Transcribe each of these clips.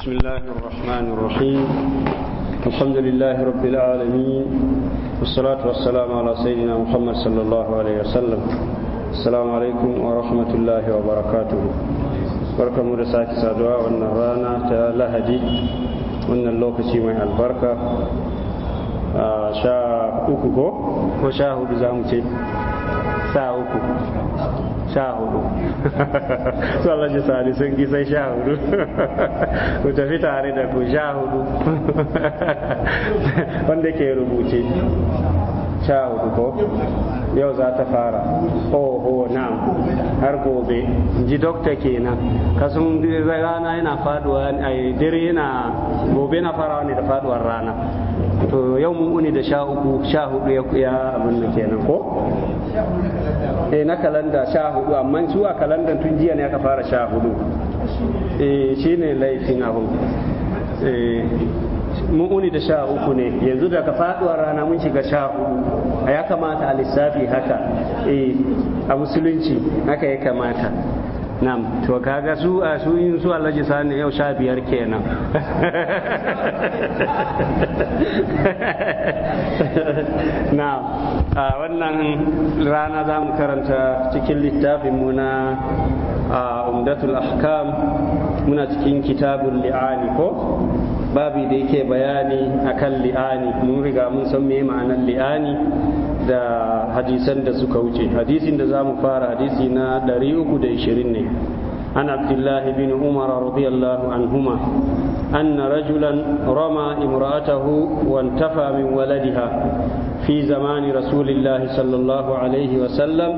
بسم الله الرحمن الرحيم الحمد لله رب العالمين والصلاة والسلام على سيدنا محمد صلى الله عليه وسلم السلام عليكم ورحمة الله وبركاته بركة مرساك سادوا والنهرانة تعالى هدي وأن اللوكسي مع البركة آه، شاء أكوكو وشاء بزامتي ساء أكوكو sha hudu su Allah sa'adu sun ki sai sha hudu ku tafi tare da ku sha hudu wanda ke rubuce sha hudu ko yau za ta fara oho na har gobe ji dokta kenan sun rana yana faduwa a dire yana gobe na fara ne da faduwar rana to yau mun uni da sha uku sha hudu ya kuya abin da kenan ko eh na kalanda sha hudu amma su a kalandan tun jiya ne aka fara sha hudu eh shine laifin abu eh mun uni da sha uku ne yanzu daga faduwar rana mun shiga sha hudu a ya kamata a lissafi haka eh a musulunci haka ya kamata nam to kaga su a su in su alhaji sani yau sha biyar kenan Na a wannan rana za mu karanta cikin littafin mu a umdatul ahkam muna cikin kitabun li'ani ko babu da yake bayani akan li'ani mun riga mun san me ma'anar li'ani da hadisan da suka wuce hadisin da zamu fara hadisi na 320 ne an abdullah bin umar radiyallahu anhuma anna rajulan rama imra'atahu wantafa min waladiha في زمان رسول الله صلى الله عليه وسلم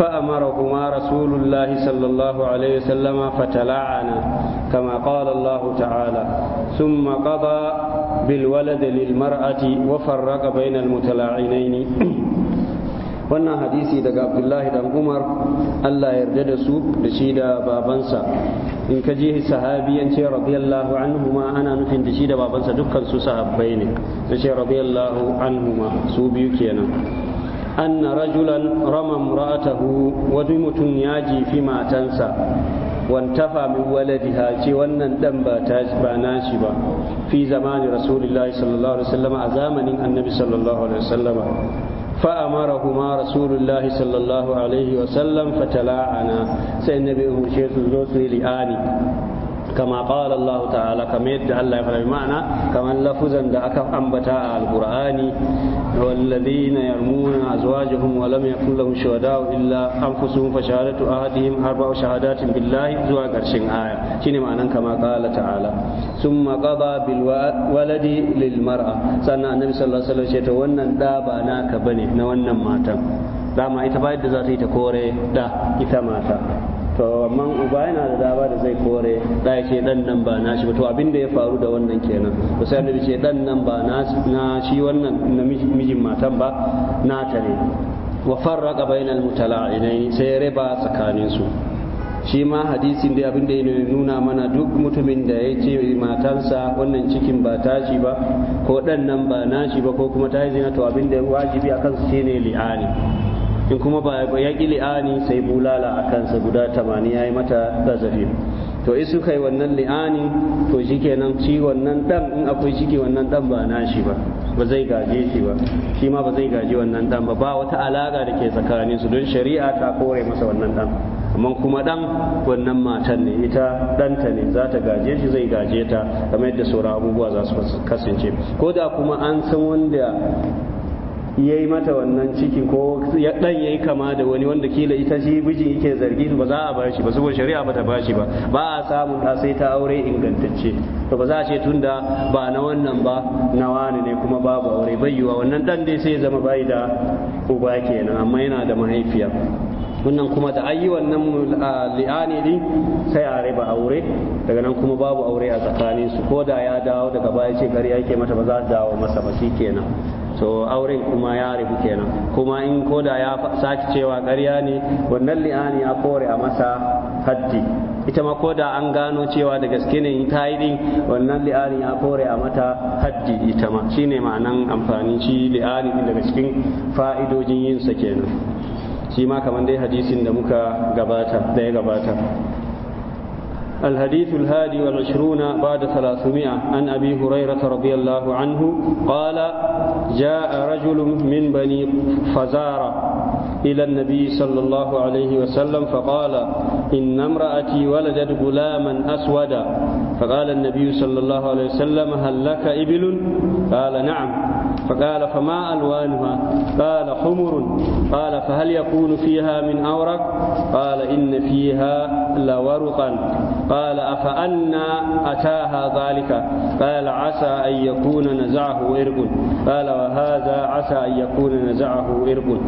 فأمرهما رسول الله صلى الله عليه وسلم فتلاعنا كما قال الله تعالى ثم قضى بالولد للمرأة وفرق بين المتلاعينين وانا حديثي دقاء عبد الله دان عمر الله يرجد سوق دشيدا بابنسا إن كجيه صحابيا رضي الله عنهما أنا نحن دشيدا بابنسا دكا سو صحابين رضي الله عنهما سو أنا أن رجلا رمى امرأته ودمت ياجي فيما تنسى wantafa min waladiha ce wannan dan ba ta ba nashi ba fi zamani rasulullahi sallallahu alaihi wasallam a zamanin annabi sallallahu alaihi wasallam فأمرهما رسول الله صلى الله عليه وسلم فتلاعنا سيدنا بأمشيت الزوسي لآني kama qala Allah ta'ala kamar yadda Allah ya fara ma'ana kamar lafuzan da aka ambata a alqur'ani والذين يرمون أزواجهم ولم يكن لهم شهداء إلا أنفسهم فشهادة أحدهم أربع شهادات بالله زوا قرشين آية شنو معنى كما قال تعالى ثم قضى بالولد للمرأة سنة النبي صلى الله عليه وسلم شيء تونا دابا ناك بني نونا ماتا dama ita ba yadda za ta yi ta kore da ita mata to amma uba yana da dama da zai kore da ce dan nan ba nashi ba to abin da ya faru da wannan kenan to sai annabi ce dan nan ba na shi wannan namijin matan ba na tare. wa farraqa bainal mutala'inai sai raba tsakanin su shi ma hadisin da abin da ya nuna mana duk mutumin da ya ce matansa wannan cikin ba tashi ba ko dan nan ba nashi ba ko kuma ta yi zina to abin da wajibi akan su shine li'ani in kuma ba ya ƙi li'ani sai bulala a kansa guda tamanin ya yi mata kasafi to in suka yi wannan li'ani to shi kenan ci wannan dan in akwai shi ke wannan dan ba na shi ba ba zai gaje shi ba shi ma ba zai gaji wannan dan ba ba wata alaƙa da ke tsakanin su don shari'a ta kore masa wannan dan amma kuma dan wannan matan ne ita danta ne za ta gaje shi zai gaje ta kamar yadda sauran abubuwa za su kasance ko da kuma an san wanda ya yi mata wannan ciki ko ya dan yayi kama da wani wanda kila ita shi mijin yake zargi ba za a bashi ba saboda shari'a bata bashi ba ba a samu ta sai ta aure ingantacce to ba za a ce tunda ba na wannan ba na wani ne kuma babu aure bayyuwa wannan ɗan dai sai ya zama bai da uba kenan amma yana da mahaifiya wannan kuma da ayi wannan li'ani din sai a riba aure daga nan kuma babu aure a tsakanin su ko da ya dawo daga baya ce gari yake mata ba za ta dawo masa ba kenan to auren kuma ya rabu kenan kuma in ko da ya saki cewa ƙarya ne wannan li'ani a kore a masa haddi ita ma ko da an gano cewa da gaske ne ta yi din wannan li'ani ya kore a mata haddi ita ma shine ma'anan amfani shi li'ani daga cikin fa'idojin yin sa kenan shi ma kamar dai hadisin da muka gabata da ya gabata الحديث الهادي والعشرون بعد ثلاثمائة عن أبي هريرة رضي الله عنه قال جاء رجل من بني فزارة إلى النبي صلى الله عليه وسلم فقال إن امرأتي ولدت غلاما أسودا فقال النبي صلى الله عليه وسلم هل لك إبل قال نعم فقال فما ألوانها قال حمر قال فهل يكون فيها من أورق قال إن فيها لورقا قال أفأنا أتاها ذلك قال عسى أن يكون نزعه إرق قال وهذا عسى أن يكون نزعه إرق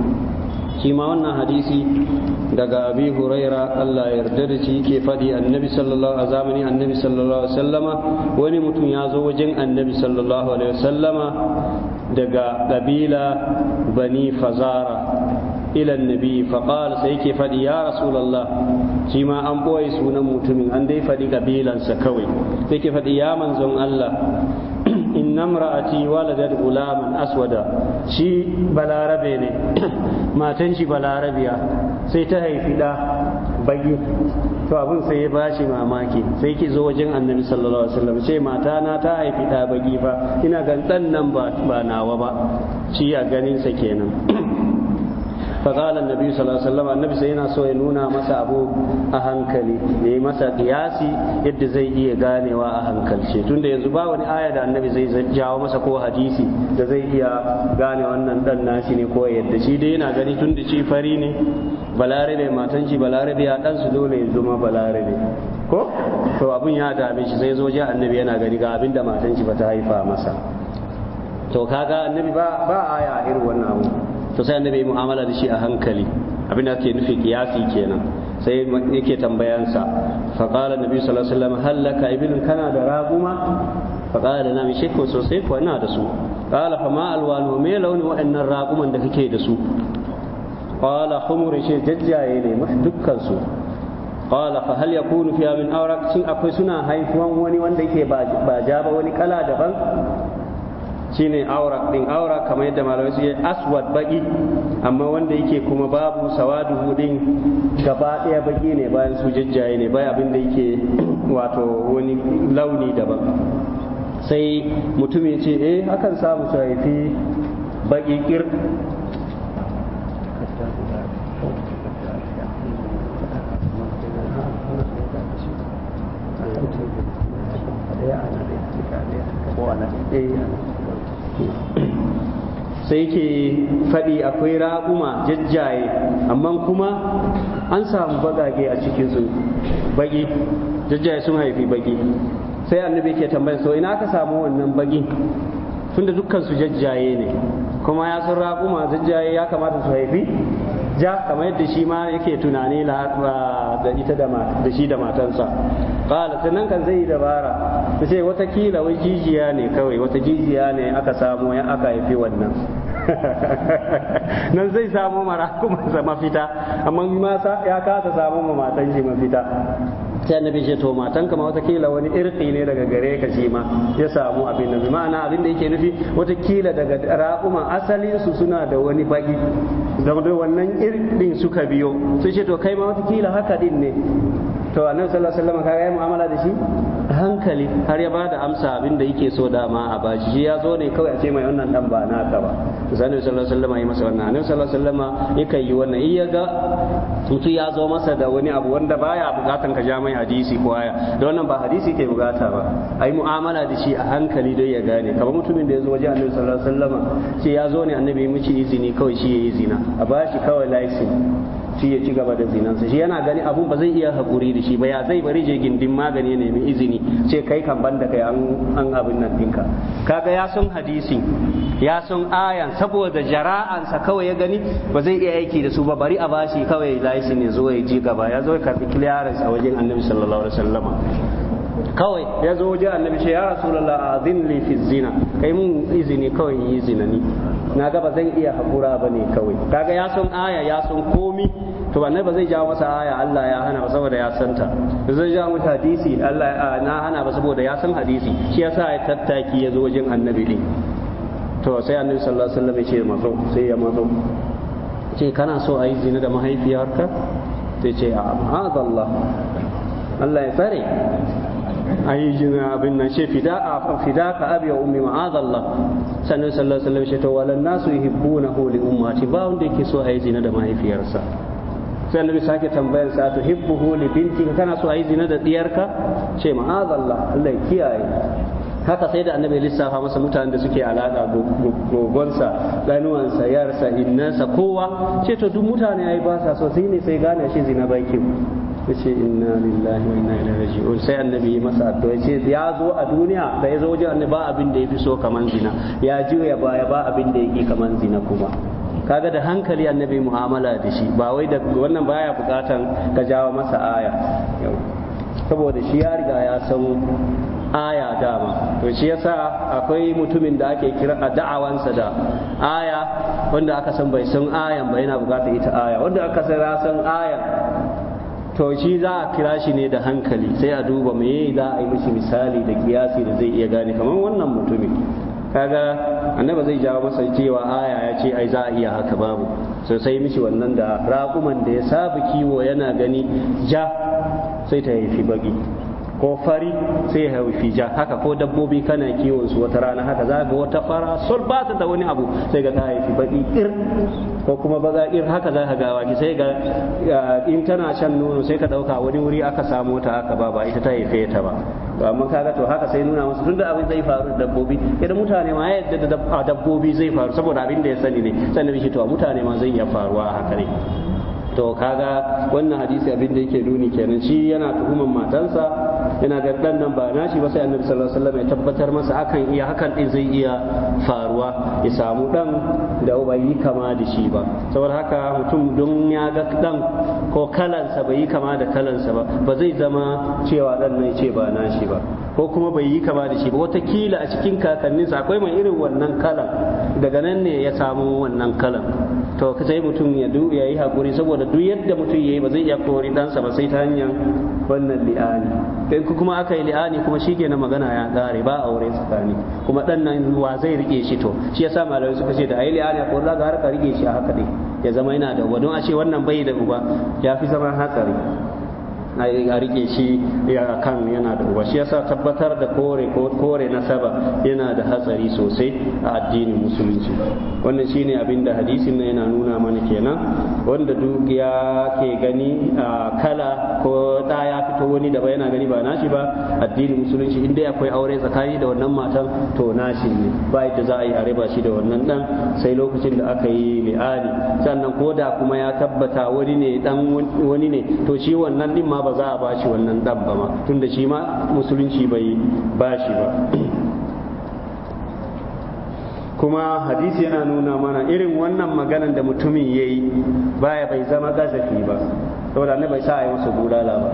كما أن حديثي دقى أبي هريرة الله يرددتي كيف دي النبي صلى الله عليه وسلم النبي صلى الله عليه وسلم ونمت يازو وجن النبي صلى الله عليه وسلم daga ƙabila bani fazara ilan nabi faƙal sai yake faɗi ya rasulallah shi ma an ɓoye sunan mutumin an dai faɗi ƙabilansa kawai sai yake faɗi ya manzon Allah inna imra'ati waladat gulaman aswada shi balarabe ne matan shi balarabiya sai ta haifi ɗa baki to abin sai ya bashi mamaki sai ki zo wajen annabi sallallahu alaihi wasallam ce mata na ta haifi ta bagi fa ina gan nan ba ba nawa ba shi a ganin sa kenan faƙala nabi sallallahu alaihi sai yana so ya nuna masa abu a hankali ya yi masa kiyasi yadda zai iya ganewa a hankalce tunda yanzu ba wani aya da annabi zai jawo masa ko hadisi da zai iya gane wannan dan nashi ne ko yadda shi dai yana gani tunda shi fari ne balarabe matan shi balarabe ya dan su dole ya zama balarabe ko to abun ya dame shi sai zo ji annabi yana gani ga abin da ba ta bata haifa masa to kaga annabi ba ba aya irin wannan abu to sai annabi mu'amala da shi a hankali abinda ake nufi kiyasi kenan sai yake tambayansa fa qala nabi sallallahu alaihi wasallam hallaka ibilun kana da raguma fa qala na mishe ko sosai ko ina da su qala fa ma alwanu me launi wa'annan raguman da kake da su qala humur shi jajjaye ne mah dukkan su qala fa hal yakunu fiya min awraq shin akwai suna haifuwan wani wanda yake ba ja ba wani kala daban shine aurak din aura kamar yadda malamai suke aswad baƙi, amma wanda yake kuma babu sawaduhu din gaba ɗaya baƙi ne bayan su jajjaye ne bayan abin da yake wato wani launi daban sai mutum ya ce eh hakan samu su haifi baki kir sai ke faɗi akwai raƙuma jajjaye amma kuma an samu baƙaƙe a cikinsu baƙi jajjaye sun haifi baƙi sai annabi ke tambayin so ina aka samu wannan baƙi tunda dukkan su jajjaye ne kuma ya sun raƙuma jajjaye ya kamata su haifi ja kamar yadda shi ma yake tunani da ita da shi da matansa qala sannan kan zai dabara ta ce watakila wai jijiya ne kawai wata jijiya ne aka samo ya aka haifi wannan nan zai samo mara kuma mafita amma ya kasa samo ma matan shi mafita sai annabi ce to matan kama watakila wani irki ne daga gare ka shi ma ya samu abin da ma'ana abin da yake nufi watakila daga raƙuma asalin su suna da wani baki dai wannan irkin suka biyo sai ce to kai ma watakila haka din ne to annabi sallallahu alaihi wasallam kaga mu'amala da shi hankali har ya bada amsa abin da yake so dama a bashi shi ya zo ne kawai a ce mai wannan dan ba naka ba to annabi sallallahu alaihi wasallam ya masa wannan annabi sallallahu alaihi wasallam yakan yi wannan iyaga. ga mutum ya zo masa da wani abu wanda baya bukatan ka ja mai hadisi ko aya da wannan ba hadisi ke bukata ba ai mu'amala da shi a hankali dai ya gane kamar mutumin da ya zo waje annabi sallallahu alaihi wasallam sai ya zo ne annabi ya mici izini kawai shi ya yi zina a bashi kawai license shi ya ci gaba da zinansa shi yana gani abun ba zai iya haƙuri da shi ba ya zai bari je gindin magani ya nemi izini ce kai kan ban da kai an abin nan dinka. kaga ya san hadisi ya san ayan saboda jara'ansa kawai ya gani ba zai iya aiki da su ba bari a bashi kawai ya ne zo ya ji gaba ya zo ya karɓi clearance a wajen annabi sallallahu alaihi wasallama kawai ya zo wajen annabi shi ya rasulullah azin li fi zina kai mun izini kawai yi zinani. na ga ba zan iya haƙura ba ne kawai kaga ya san aya ya san komi to ba ba zai jawo masa aya Allah ya hana ba saboda ya san ta zai jawo masa hadisi Allah na hana ba saboda ya san hadisi shi yasa ya tattaki ya zo wajen annabi din to sai annabi sallallahu alaihi wasallam ya ce mazo sai ya mazo ce kana so a yi zina da mahaifiyarka sai ce a Allah Allah ya tsare ai jina abin nan ce fida a fida ka abi wa ummi ma'azallah sannan sallallahu alaihi wasallam ce to walan nasu yuhibbunahu li ummati ba wanda yake so ai zina da mahaifiyarsa sai annabi sake tambayar sa to hibbuhu li binti kana so ai zina da diyarka ce ma'azallah Allah ya kiyaye haka sai da annabi lissafa masa mutanen da suke alaka gogonsa ɗanuwansa yarsa innansa kowa ce to duk mutane ai ba sa so sai ne sai gane shi zina bakin ya ce inna lillahi wa inna ilaihi raji'un sai annabi ya masa addu'a ya ya zo a duniya da ya zo wajen annabi ba abin da ya so kaman zina ya juya baya ba abin da ya kaman zina kuma kaga da hankali annabi mu'amala da shi ba wai da wannan baya bukatan ka jawo masa aya saboda shi ya riga ya san aya dama to shi yasa akwai mutumin da ake kira a da'awansa da aya wanda aka san bai san ayan ba yana bukatar ita aya wanda aka san ya san ayan to shi za a kira shi ne da hankali sai a duba me za a yi mishi misali da kiyasi da zai iya gane kamar wannan mutumin kaga annaba zai jawo masa cewa aya ya ce ai za a iya haka babu so sai mishi wannan da raƙuman da ya saba kiwo yana gani ja sai ta fi bagi ko fari sai ya haifi ja haka ko dabbobi kana kiwon su wata rana haka za ga wata fara sol ba ta da wani abu sai ga ta haifi baki ir ko kuma baza ir haka za ka ga waki sai ga in tana shan nono sai ka dauka wani wuri aka samu ta aka ba ba ita ta haife ta ba To amma kaga to haka sai nuna musu tunda abin zai faru da dabbobi idan mutane ma ya yadda da dabbobi zai faru saboda abin da ya sani ne sannan shi to mutane ma zai iya faruwa haka ne to kaga wannan hadisi abin da yake nuni kenan shi yana tuhuman matansa yana ga dan nan ba nashi ba sai annabi sallallahu alaihi wasallam ya tabbatar masa akan iya hakan din zai iya faruwa ya samu dan da bai yi kama da shi ba saboda haka mutum don ya ga dan ko kalansa bai yi kama da kalansa ba ba zai zama cewa dan nan ce ba nashi ba ko kuma bai yi kama da shi ba watakila a cikin kakanninsa akwai mai irin wannan kalan daga nan ne ya samu wannan kalan to sai mutum ya du ya yi hakuri saboda duk yadda mutum ya yi ba zai iya kori ɗansa ba sai ta hanyar wannan li'ani in kuma aka yi li'ani kuma shi na magana ya ƙare ba aure tsakani kuma ɗan nan wa zai rike shi to shi yasa malamai suka ce da ayi li'ani ko za ka har ka rike shi a haka ne ya zama yana da uba a ce wannan bai da uba ya fi zama hatsari a rike shi ya kan yana da uba shi yasa tabbatar da kore kore nasaba yana da hatsari sosai a addinin musulunci wannan shine abin da hadisin nan yana nuna mana kenan wanda duk ya ke gani kala ko da ya fito wani da yana gani ba nashi ba addinin musulunci inda akwai aure tsakani da wannan matan to nashi ne ba yadda za a yi a riba shi da wannan dan sai lokacin da aka yi li'ali sannan ko da kuma ya tabbata wani ne dan wani ne to shi wannan din ma ba za a bashi wannan dan ba ma tunda shi ma musulunci bai bashi ba kuma hadisi yana nuna mana irin wannan maganan da mutumin ya yi baya bai zama gazafi ba saboda ne bai sa a yi masa bulala ba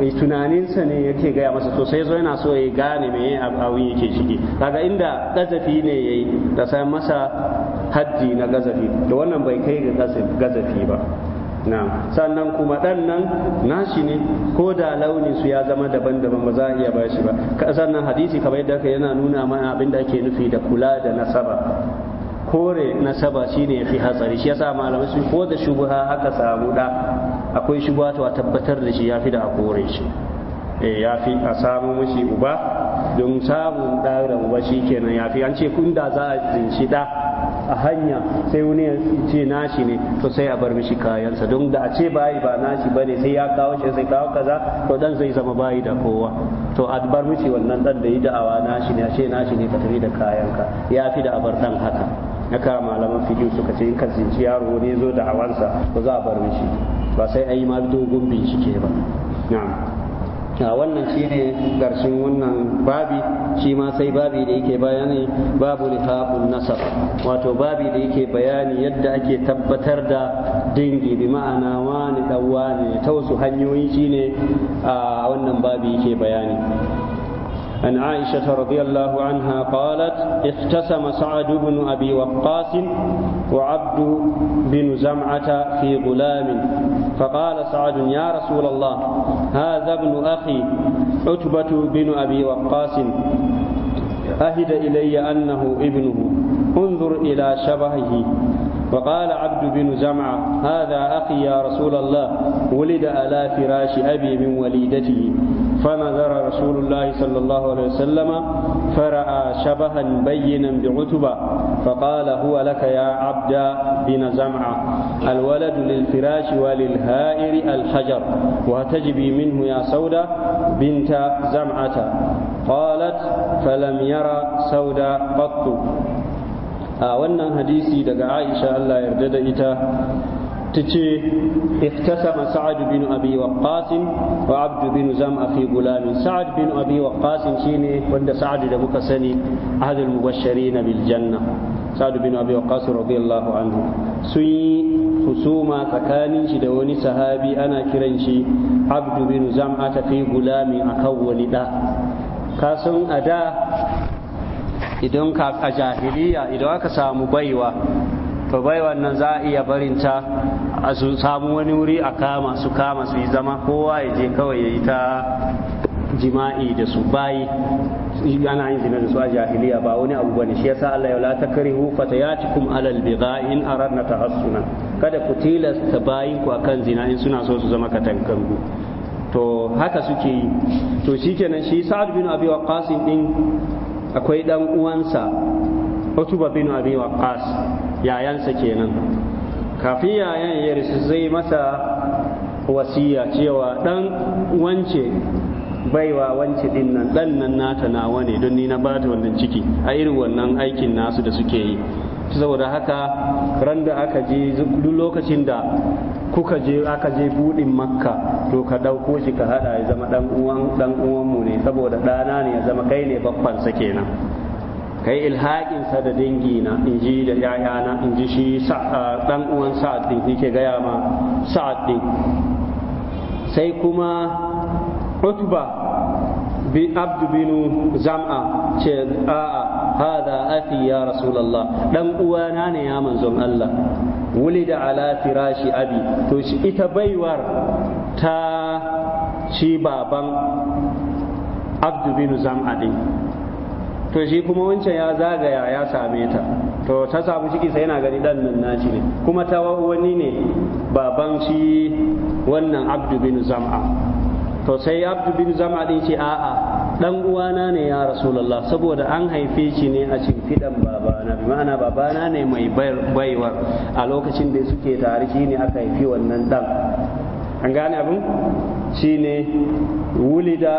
mai tunaninsa ne yake gaya masa to sai zo yana so ya gane me abin yake ciki kaga inda gazafi ne ya yi da sai masa haddi na gazafi da wannan bai kai ga gazafi ba na sannan kuma ɗan nan nashi ne ko da launin su ya zama daban-daban ba za a iya ba shi ba sannan hadisi kamar yadda aka yana nuna mana abin da ake nufi da kula da nasaba kore nasaba shine yafi hatsari shi yasa malamai su ko da shubuha haka samu da akwai shubuha to a tabbatar da shi yafi da a kore shi eh yafi a samu mashi uba don samun da da uba shikenan yafi an ce kun da za a zinci da a hanya sai wani ya ce nashi ne to sai a bar mishi kayansa don da a ce bayi ba nashi bane sai ya kawo shi sai kawo kaza to dan zai zama bayi da kowa to a bar mishi wannan dan da yi da'awa nashi ne a ce nashi ne ka tafi da kayanka ya fi da abar dan haka na malaman fidiyo suka ce in ka zinci yaro ne zo da awansa to za a bar mishi ba sai a yi ma dogon bincike ba na'am wannan shi ne ƙarshen wannan babi shi ma sai babi da yake bayani babu lihabun nasar wato babi da yake bayani yadda ake tabbatar da dangi bi ma'ana wani dan wani ta wasu hanyoyi shi ne a wannan babi yake bayani عن عائشة رضي الله عنها قالت اختسم سعد بن أبي وقاص وعبد بن زمعة في غلام فقال سعد يا رسول الله هذا ابن أخي عتبة بن أبي وقاص أهد إلي أنه ابنه انظر إلى شبهه وقال عبد بن زمعة هذا أخي يا رسول الله ولد على فراش أبي من وليدته فنظر رسول الله صلى الله عليه وسلم فرأى شبها بينا بعتبة فقال هو لك يا عبد بن زمعة الولد للفراش وللهائر الحجر وتجبي منه يا سودة بنت زمعة قالت فلم يرى سودة قط a wannan hadisi daga aisha allah yarda da ita تجي اختتم سعد بن أبي وقاص وعبد بن زمع في غلام سعد بن أبي وقاص شيني وند سعد دمك سني أحد المبشرين بالجنة سعد بن أبي وقاص رضي الله عنه سي خصومة تكاني شدوني صحابي أنا كرنشي عبد بن زمعة في غلام أكول دا كاسم أدا idan ka a jahiliya idan aka samu baiwa to baiwan nan za a iya barinta a su samu wani wuri a kama su kama su yi zama kowa ya je kawai ya yi ta jima'i da su bayi ana yin zina da su a jahiliya ba wani abu bane shi yasa Allah ya la takrihu fatayatikum alal bigha in aradna tahassuna kada ku tilasta bayin ku akan zina in suna so su zama katankangu to haka suke yi to shikenan shi Sa'ad bin Abi Waqqas din akwai dan uwansa Utba bin Abi Waqqas yayansa kenan kafin yayan ya rasu zai masa wasiya cewa dan wance baiwa wance din nan dan nan nata nawa ne don ni na bata wannan ciki a irin wannan aikin nasu da suke yi saboda haka ran da aka je duk lokacin da kuka je aka je buɗin makka to ka dauko shi ka haɗa ya zama dan uwan dan uwan ne saboda dana ne ya zama kai ne babban sa kenan kai sa da dingina in ji da ‘ya'yana in ji shi ɗan uwan sa'ad ɗin yake gaya ma sa'ad ɗin sai kuma utba bin abdu binu zam'a ce a'a hada afi ya rasulallah ɗan uwana ne ya manzon Allah wulida ala firashi abi to shi ita baiwar ta shi baban abdu binu zam'a ɗin to shi kuma wancan ya zagaya ya same ta to ta samu ciki sai yana gani dan nan naci ne kuma ta wani ne baban shi wannan abdu bin zam'a to sai abdu bin zam'a din ce a'a dan uwana ne ya rasulullah saboda an haife shi ne a cikin fidan babana bi ma'ana babana ne mai baiwar a lokacin da suke tare shi ne aka haifi wannan dan an gane abin shi ne wulida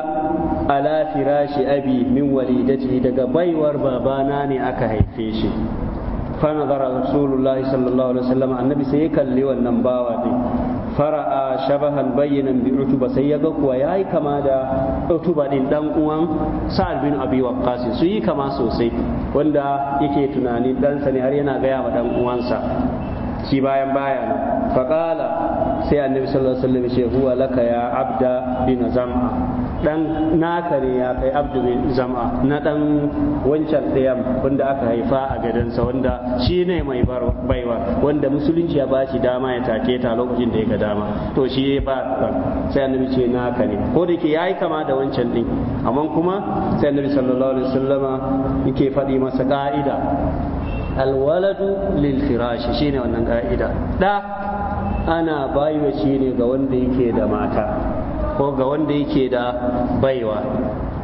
ala firashi abi min walidati daga baiwar babana ne aka haife shi fa nazara rasulullah sallallahu alaihi wasallam annabi sai ya kalli wannan bawa din fara'a shabahan bayyana bi utuba sai ya ga kuwa yayi kama da utuba din dan uwan sa'ad bin abi waqqas su yi kama sosai wanda yake tunanin ɗansa ne har yana gaya wa dan uwansa shi bayan baya faƙala faqala sai annabi sallallahu alaihi wasallam ya ce huwa laka ya abda bin zam'a dan naka ne ya kai abdu zama na dan wancan ɗayan wanda aka haifa a gadansa wanda shi ne mai baiwa wanda musulunci ya bashi dama ya take ta lokacin da ya ga dama to shi ya ba sai annabi ce naka ne ko da ke yayi kama da wancan din amma kuma sai annabi sallallahu alaihi wasallama yake faɗi masa ka'ida alwaladu lil firashi shine wannan ka'ida da ana baiwa shine ga wanda yake da mata ko ga wanda yake da baiwa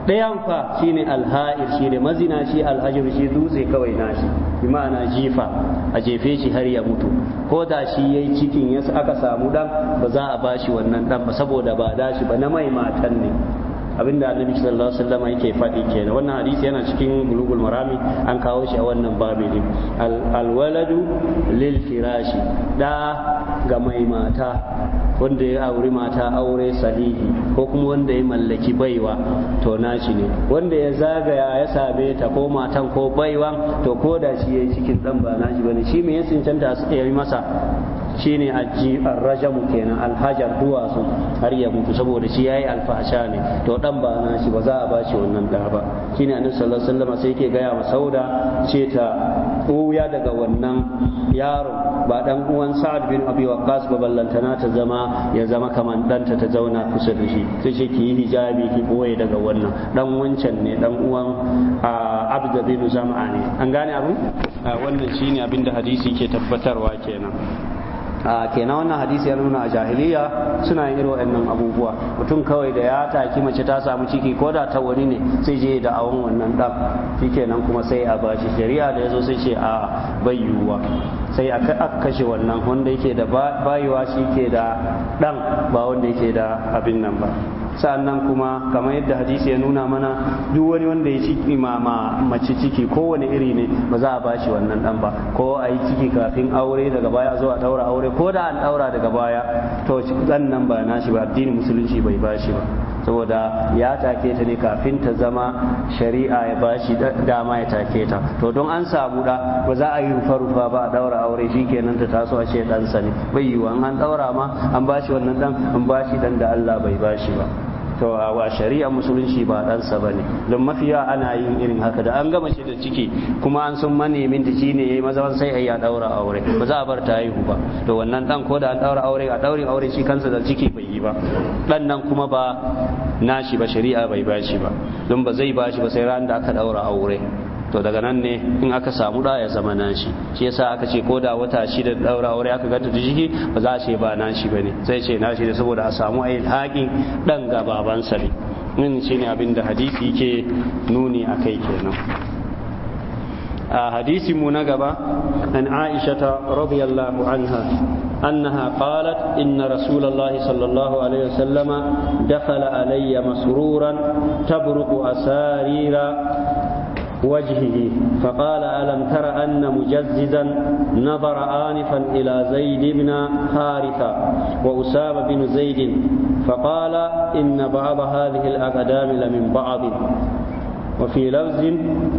ɗayan fa shine alha'ir shine mazina shi alhajir shi dutse kawai nashi bi ma'ana jifa a jefe shi har ya mutu ko da shi yayi cikin yasu aka samu dan ba za a bashi wannan dan ba saboda ba dashi ba na mai matan ne abinda annabi sallallahu alaihi wasallam yake faɗi kenan wannan hadisi yana cikin bulugul marami an kawo shi a wannan babu ne alwaladu lil firashi da ga mai mata wanda ya auri mata aure salihi ko kuma wanda ya mallaki baiwa to shi ne wanda ya zagaya ya same ta ko matan ko baiwa to ko da shi ya cikin dan ba naci bane shi me ya canta su yi masa shine arrajamu kenan alhajar duwatsu har ya mutu saboda shi yayi alfasha ne to dan ba na shi ba za a bashi wannan da ba shine annabi sallallahu alaihi wasallam sai yake gaya wa sauda ce ta uya daga wannan yaron ba dan uwan sa'ad bin abi waqqas ba ballantana ta zama ya zama kaman danta ta zauna kusa da shi sai shi ki yi hijabi ki boye daga wannan dan wancan ne dan uwan abda bin zama'a ne an gane abu wannan shine abinda hadisi ke tabbatarwa kenan a kenan wannan hadisi ya nuna a jahiliya suna yin irin wa'annan abubuwa mutum kawai da ya taki mace ta samu ciki ko da ta wani ne sai je da awon wannan dan shikenan kuma sai a bashi shari'a da yazo sai ce a bayyuwa sai aka kashe wannan wanda yake da bayuwa shi ke da dan ba wanda yake da abin nan ba sannan kuma kamar yadda hadisi ya nuna mana duk wani wanda ya ciki mama mace ciki kowane iri ne ba za a bashi wannan dan ba ko a yi ciki kafin aure daga baya zuwa daura aure ko da an daura daga baya to dan nan ba nashi ba addinin musulunci bai bashi ba saboda ya take ta ne kafin ta zama shari'a ya bashi dama ya take ta to don an samu da ba za a yi rufa rufa ba a daura aure kenan ta taso a ce dan ne bai yiwu an daura ma an bashi wannan dan an bashi dan da Allah bai bashi ba to a shari'ar musulunci ba ɗansa ba ne don mafiya ana yin irin haka da an gama shi da ciki kuma an sun manemin da shine yayi maza sai ayi ya daura aure ba za a bar ta haihu ba to wannan dan ko da an daura aure a daurin aure shi kansa da ciki bai yi ba dan nan kuma ba nashi ba shari'a bai bashi ba don ba zai bashi ba sai ran da aka daura aure to daga nan ne in aka samu da ya zama nashi shi yasa aka ce ko da wata shida daura aure aka ganta da jiki ba za a ce ba nashi bane sai ce nashi da saboda a samu ayin haƙin dan ga babansa ne min shine abin da hadisi ke nuni a kai kenan a hadisi mu na gaba an aisha ta radiyallahu anha أنها قالت إن رسول الله صلى الله عليه وسلم دخل علي مسرورا تبرق أسارير وجهه فقال ألم تر أن مجززا نظر آنفا إلى زيد بن حارثة وأسامة بن زيد فقال إن بعض هذه الأقدام لمن بعض وفي لفظ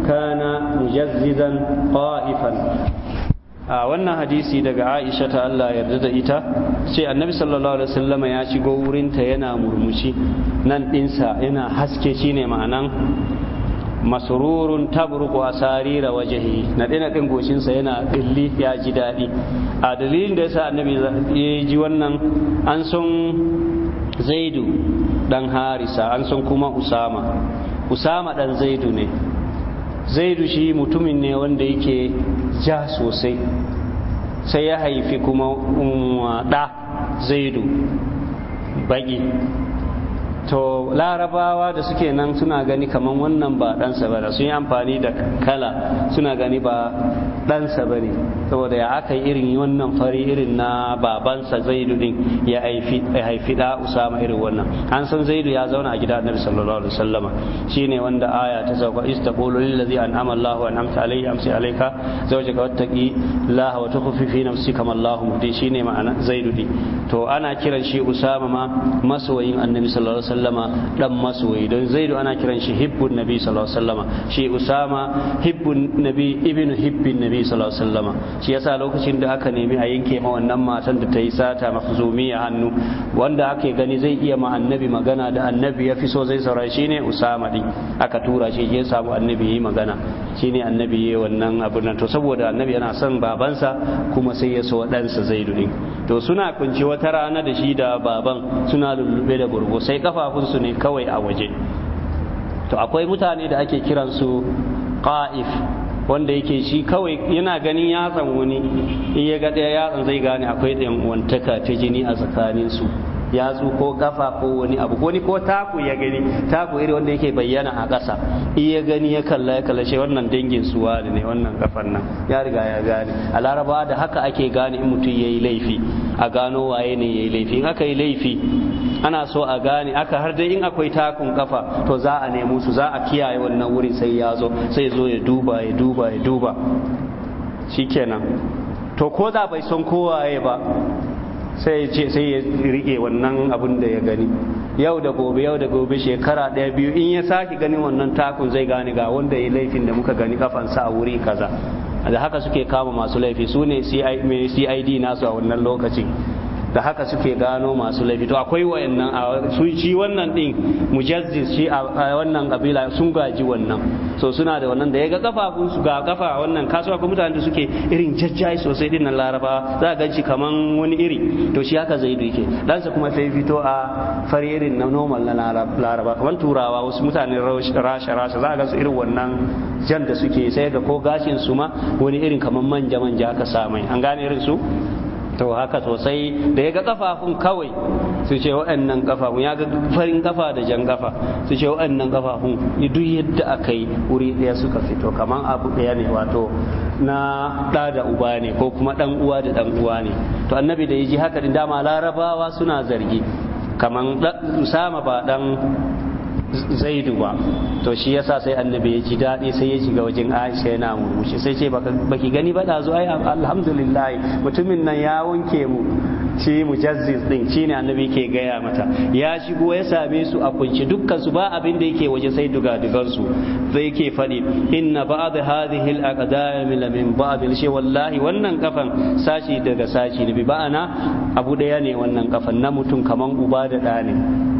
كان مجززا قائفا a wannan hadisi daga Aisha ta Allah yarda da ita sai annabi sallallahu alaihi wasallama ya shigo wurinta yana murmushi nan ɗinsa yana haske shine ma'anan masrurun tabruku asarira wajhi nade naden goshinsa yana ɗilli ya ji daɗi a dalilin da yasa annabi ya ji wannan an sun zaidu dan harisa an sun kuma usama usama dan zaidu ne zaidu shi mutumin ne wanda yake ja sosai sai ya haifi kuma um, ɗa zaidu baƙi to larabawa da suke nan suna gani kamar wannan ba ɗansa ba sun yi amfani da kala suna gani ba ɗansa ba ne saboda ya aka yi irin wannan fari irin na babansa zaidu din ya haifi da usama irin wannan an san zaidu ya zauna a gida annabi sallallahu alaihi wasallama shine wanda aya ta sauka istaqulu lil ladzi an'ama Allahu an'amta alayhi amsi alayka zawjaka wattaqi Allah wa tukhfi fi nafsika ma Allahu muhdi shine ma'ana zaidu din to ana kiran shi usama ma masoyin annabi sallallahu alaihi wasallama dan masoyi don zaidu ana kiran shi hibbun nabi sallallahu alaihi wasallama shi usama hibbun nabi ibnu hibbin nabi sallallahu alaihi wasallama shi yasa lokacin da aka nemi a yanke ma wannan matan da ta yi sata mahzumi a hannu wanda ake gani zai iya ma annabi magana da annabi ya fi so zai saurari ne usama din aka tura shi ya samu annabi yi magana shi ne annabi ya wannan abin nan to saboda annabi yana son babansa kuma sai ya so ɗansa zai duɗin. to suna kunci wata rana da shi da baban suna lullube da gurgu sai kafafunsu ne kawai a waje to akwai mutane da ake kiransu qa'if wanda yake shi kawai yana ganin yatsan wani in ya ga ɗaya yatsan zai gane akwai ɗan uwantaka ta jini a tsakaninsu yatsu ko kafa ko wani abu ko ni ko taku ya gani taku iri wanda yake bayyana a ƙasa iya gani ya kalla ya kalla shi wannan dangin suwa ne wannan kafan nan ya riga ya gane a laraba da haka ake gane in mutum yayi laifi a gano waye ne yayi laifi in aka yi laifi ana so a gane aka har dai in akwai takun kafa to za a nemu su za a kiyaye wannan wurin sai ya zo sai zo ya duba ya duba ya duba shikenan to ko da bai san kowaye ba sai ya ce sai ya rike wannan abin da ya gani yau da gobe yau da gobe shekara ɗaya biyu in ya sake ganin wannan takun zai gane ga wanda ya laifin da muka gani kafansa a wuri kaza da haka suke kama masu laifi su ne cid nasu a wannan lokacin da haka suke gano masu laifi to akwai wayannan a sun ci wannan din mujazzis shi a wannan kabila sun gaji wannan so suna da wannan da ya ga kafafun su ga kafa wannan kasuwa ko mutanen da suke irin jajjayi sosai din nan laraba za ka ganci kaman wani iri to shi haka duke dan dansa kuma sai fito a fari irin na normal na laraba kaman turawa wasu mutanen rasha rasha za ga su irin wannan jan da suke sai ga ko gashin su ma wani irin kaman manja manja ka samai an gane irin su to haka sosai da ya ga kafafun kawai su ce waɗannan kafafun ya ga farin kafa da jan kafa su ce waɗannan kafafun duk yadda aka yi wuri ɗaya suka fito kamar abu ɗaya ne wato na ɗa da uba ne ko kuma ɗan uwa da ɗan uwa ne to annabi da ya ji haka dama larabawa suna zargi kamar usama ba ɗan zaidu ba to shi yasa sai annabi ya ji daɗi sai ya shiga wajen aisha yana murmushi sai ce baki gani ba zo ai alhamdulillah mutumin nan ya wanke mu shi mujazziz din shine annabi ke gaya mata ya shigo ya same su a kunci dukkan su ba abin da yake waje sai duga dugan su zai ke faɗi inna ba'd hadhihi al-aqdam min ba'd shi wallahi wannan kafan sashi daga sashi ne bi ba'ana abu daya ne wannan kafan na mutum kaman uba da ɗa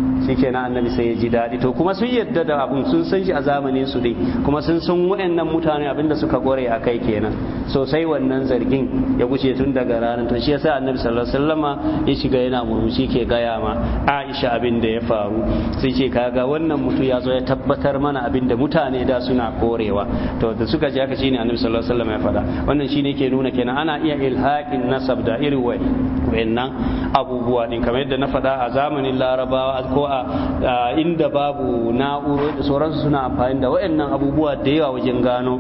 na annabi sai ya ji daɗi to kuma sun yadda da abin sun san shi a zamanin su din kuma sun san wayannan mutane abinda suka gore a kai kenan so wannan zargin ya guce tun daga ranar to shi yasa annabi sallallahu alaihi ya shiga yana murmushi ke gaya ma Aisha abin da ya faru sai ce kaga wannan mutum ya zo ya tabbatar mana abin da mutane da suna korewa to da suka ji haka shine annabi sallallahu alaihi ya faɗa wannan shine ke nuna kenan ana iya ilhaqin nasab da irin wayannan abubuwa din kamar yadda na faɗa a zamanin larabawa ko a inda babu na'uro da sauransu suna amfani da waɗannan abubuwa da yawa wajen gano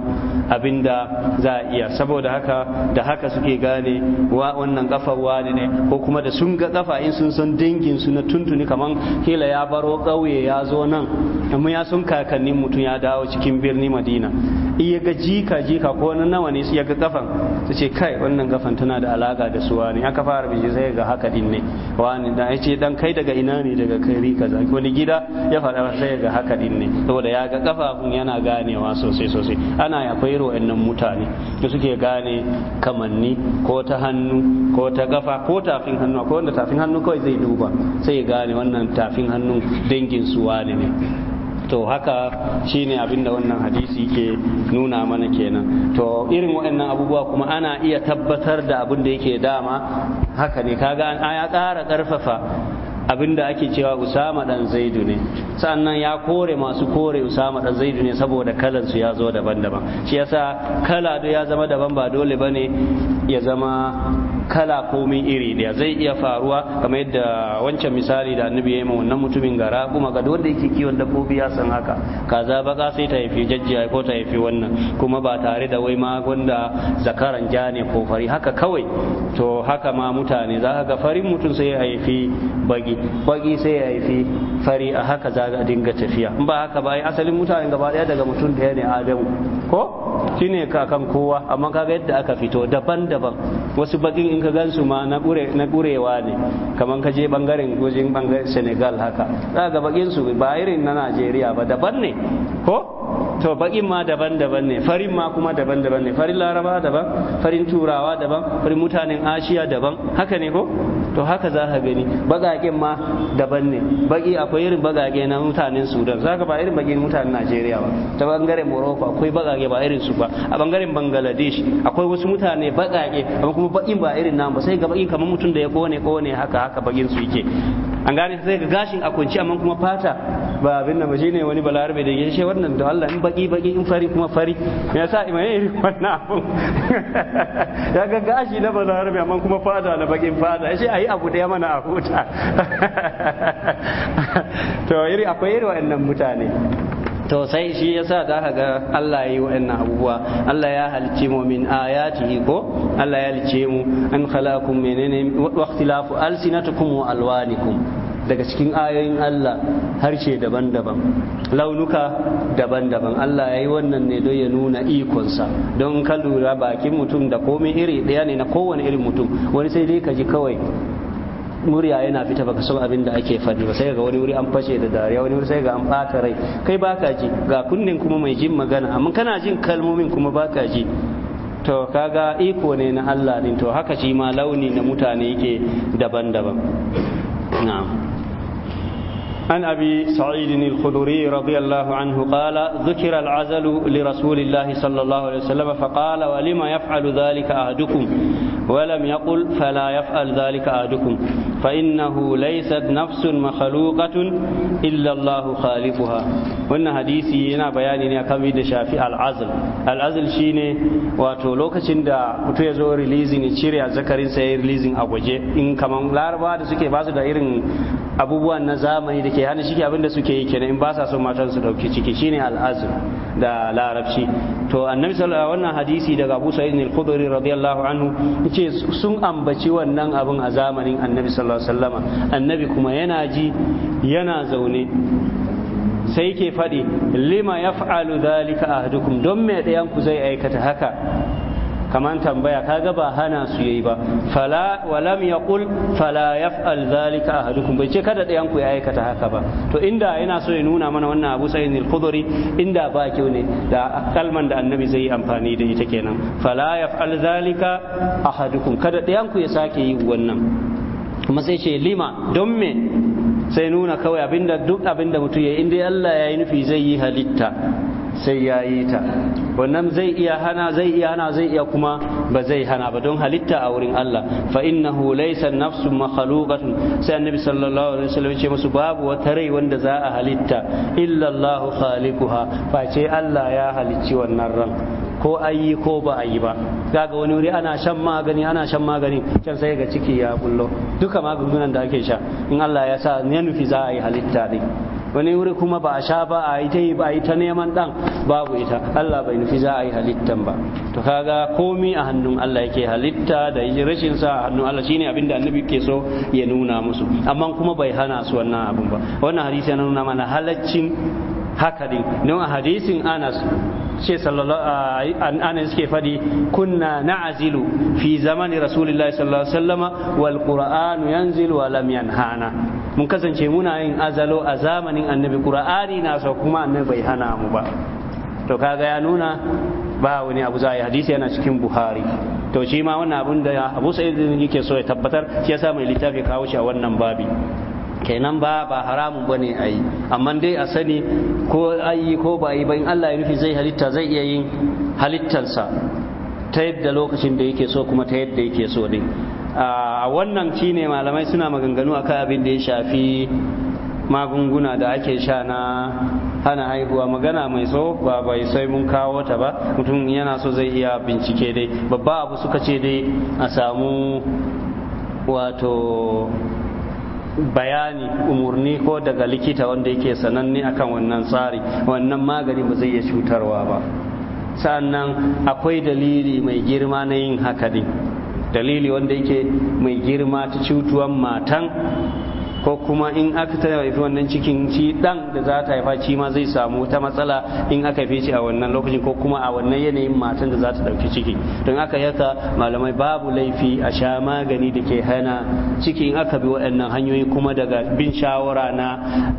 abin za a iya saboda haka da haka suke gane wa wannan kafar wani ne ko kuma da sun ga kafa in sun san dangin su na tuntuni kaman kila ya baro kauye ya zo nan amma ya sun kakannin mutum ya dawo cikin birni madina iya ga jika jika ko wani nawa ne su ga kafan su ce kai wannan kafan tana da alaka da su wani aka fara bije sai ga haka din wani dan ya ce dan kai daga ina ne daga kai kaza wani gida ya faɗa sai ga haka din ne saboda ya ga kafafun yana ganewa sosai sosai ana akwai wa'annan mutane da suke gane kamanni ko ta hannu ko ta kafa ko tafin hannu ko wanda tafin hannu kawai zai duba sai ya gane wannan tafin hannun dangin su wane ne to haka shine abinda wannan hadisi ke nuna mana kenan to irin waɗannan abubuwa kuma ana iya tabbatar da abin da yake dama haka ne kaga an ya ƙara ƙarfafa abinda ake cewa usama dan zaidu ne sannan ya kore masu kore usama dan zaidu ne saboda kalan su ya zo daban-daban shi yasa kala da ya zama daban ba dole bane ya zama kala komai iri daya zai iya faruwa kamar yadda wancan misali da annabi ya yi wannan mutumin gara kuma ga dole yake kiwon dabbobi ya san haka kaza baka sai ta haifi jajjiya ko ta haifi wannan kuma ba tare da wai ma gonda zakaran ja ne ko fari haka kawai to haka ma mutane za ka ga farin mutum sai ya haifi bagi baki sai ya haifi fari a haka za a dinga tafiya in ba haka ba asalin mutanen gaba daya daga mutum daya ne adamu ko ne kakan kowa amma kaga yadda aka fito daban-daban wasu bakin in ka gansu ma na kurewa ne kamar ka je bangaren gojin bangaren senegal haka za ga bakin su ba irin na najeriya ba daban ne ko to bakin ma daban-daban ne farin ma kuma daban-daban ne farin laraba daban farin turawa daban farin mutanen ashiya daban haka ne ko to haka za ka gani bagaƙen ma daban ne baki akwai irin bagage na mutanen sudan za ka ba irin bagin mutanen najeriya ba ta bangaren morocco akwai bagage ba irin su ba a bangaren bangladesh akwai wasu mutane bagage amma kuma bakin ba irin nan ba sai ga baki kamar mutum da ya kone kone haka haka bakin su yake an gane sai ga gashin a kunci amma kuma fata ba abin da ba shine wani balarabe da yake shi wannan da Allah in baki baki in fari kuma fari me yasa imai iri wannan abu ya ga gashi na balarabe amma kuma fada na bakin fada shi ayi abu da mana a huta to iri akwai iri wa'annan mutane to sai shi yasa za ka ga Allah yi wa'annan abubuwa Allah ya halice mu min ayatihi ko Allah ya halice mu an khalaqakum menene wa ikhtilafu alsinatukum wa alwanikum daga cikin ayoyin Allah harshe daban-daban launuka daban-daban Allah ya yi wannan ne don ya nuna ikonsa don ka lura bakin mutum da komai iri ɗaya ne na kowane irin mutum wani sai dai ka ji kawai murya yana fita baka san abin da ake faɗi ba sai ga wani wuri an fashe da dariya wani wuri sai ga an ɓata rai kai baka ji ga kunnin kuma mai jin magana amma kana jin kalmomin kuma baka ji to kaga iko ne na Allah din to haka shi ma launi na mutane yake daban-daban na'am عن أبي سعيد الخدري رضي الله عنه قال ذكر العزل لرسول الله صلى الله عليه وسلم فقال ولم يفعل ذلك أهدكم ولم يقل فلا يفعل ذلك أهدكم فإنه ليست نفس مخلوقة إلا الله خالقها وإن حديثي هنا بياني أكم شافي العزل العزل شيني wato lokacin da mutum ya zo releasing ya cire zakarin sa ya releasing a waje in kaman laraba da suke ke hana ke abinda suke yi kenan in ba sa son matansu su dauki ciki shine al'azir da larabci to annabi sallallahu wannan hadisi daga Abu Sa'id al-Khudri radiyallahu anhu yace sun ambaci wannan abin a zamanin annabi sallallahu alaihi wasallama annabi kuma yana ji yana zaune sai ke faɗi lima yaf'alu dhalika ahadukum don mai ɗayan ku zai aikata haka kaman tambaya kaga ba hana su yayi ba fala walam yaqul fala yaf'al zalika ahadukum bai ce kada ɗayan ku ya aikata haka ba to inda yana so ya nuna mana wannan Abu Sa'id al-Khudri inda ba kyau ne da kalman da Annabi zai yi amfani da ita kenan fala yaf'al zalika ahadukum kada ɗayan ku ya sake yi wannan kuma sai ce lima don me sai nuna kawai abinda duk abinda mutum ya inda Allah ya yi nufi zai yi halitta sai ya yi ta wannan zai iya hana zai iya hana zai iya kuma ba zai hana ba don halitta a wurin Allah fa innahu laysa nafsun makhluqatun sai annabi sallallahu alaihi wasallam ce musu babu wata rai wanda za a halitta illa Allahu khaliquha face Allah ya halicci wannan ran ko ayi ko ba ayi ba kaga wani wuri ana shan magani ana shan magani can sai ga ciki ya bullo duka magungunan da ake sha in Allah ya sa ne nufi za a yi halitta ne wani wuri kuma ba a sha ba a yi ta yi ba a yi ta neman ɗan babu ita Allah bai nufi za a yi halittan ba to kaga komi a hannun Allah yake halitta da rashin sa a hannun Allah shine abinda annabi ke so ya nuna musu amma kuma bai hana su wannan abin ba wannan hadisi ya nuna mana halaccin hakarin a hadisin Anas ce anan suke fadi kunna na'zilu fi zamani rasulullahi sallallahu alaihi wasallama wal qur'anu yanzilu wa lam yanhana mun kasance muna yin azalo a zamanin annabi qur'ani na so kuma annabi bai hana mu ba to kaga ya nuna ba wani abu zai hadisi yana cikin buhari to shi ma wannan abun da abu sa'id yake so ya tabbatar shi yasa mai littafi kawo shi a wannan babi kenan ba ba haramun bane a yi amma dai a sani ko ayi ko ba yi ba in Allah ya nufi zai halitta zai iya yin halittarsa ta yadda lokacin da yake so kuma ta yadda yake so dai. a wannan shine malamai suna maganganu akan abin da ya shafi magunguna da ake sha na hana haihuwa magana mai so ba bai sai mun kawo ta ba mutum yana so zai iya bincike dai babba abu suka ce dai a samu wato bayani umarni ko daga likita wanda yake sananne akan wannan tsari wannan magani ba zai iya cutarwa ba sannan akwai dalili mai girma na yin haka din dalili wanda yake mai girma ta cutuwan matan ko kuma in aka ta haifi wannan cikin ci dan da za ta haifa shi ma zai samu ta matsala in aka haife shi a wannan lokacin ko kuma a wannan yanayin matan da za ta dauki ciki don aka yaka malamai babu laifi a sha magani da ke hana ciki in aka bi waɗannan hanyoyi kuma daga bin shawara na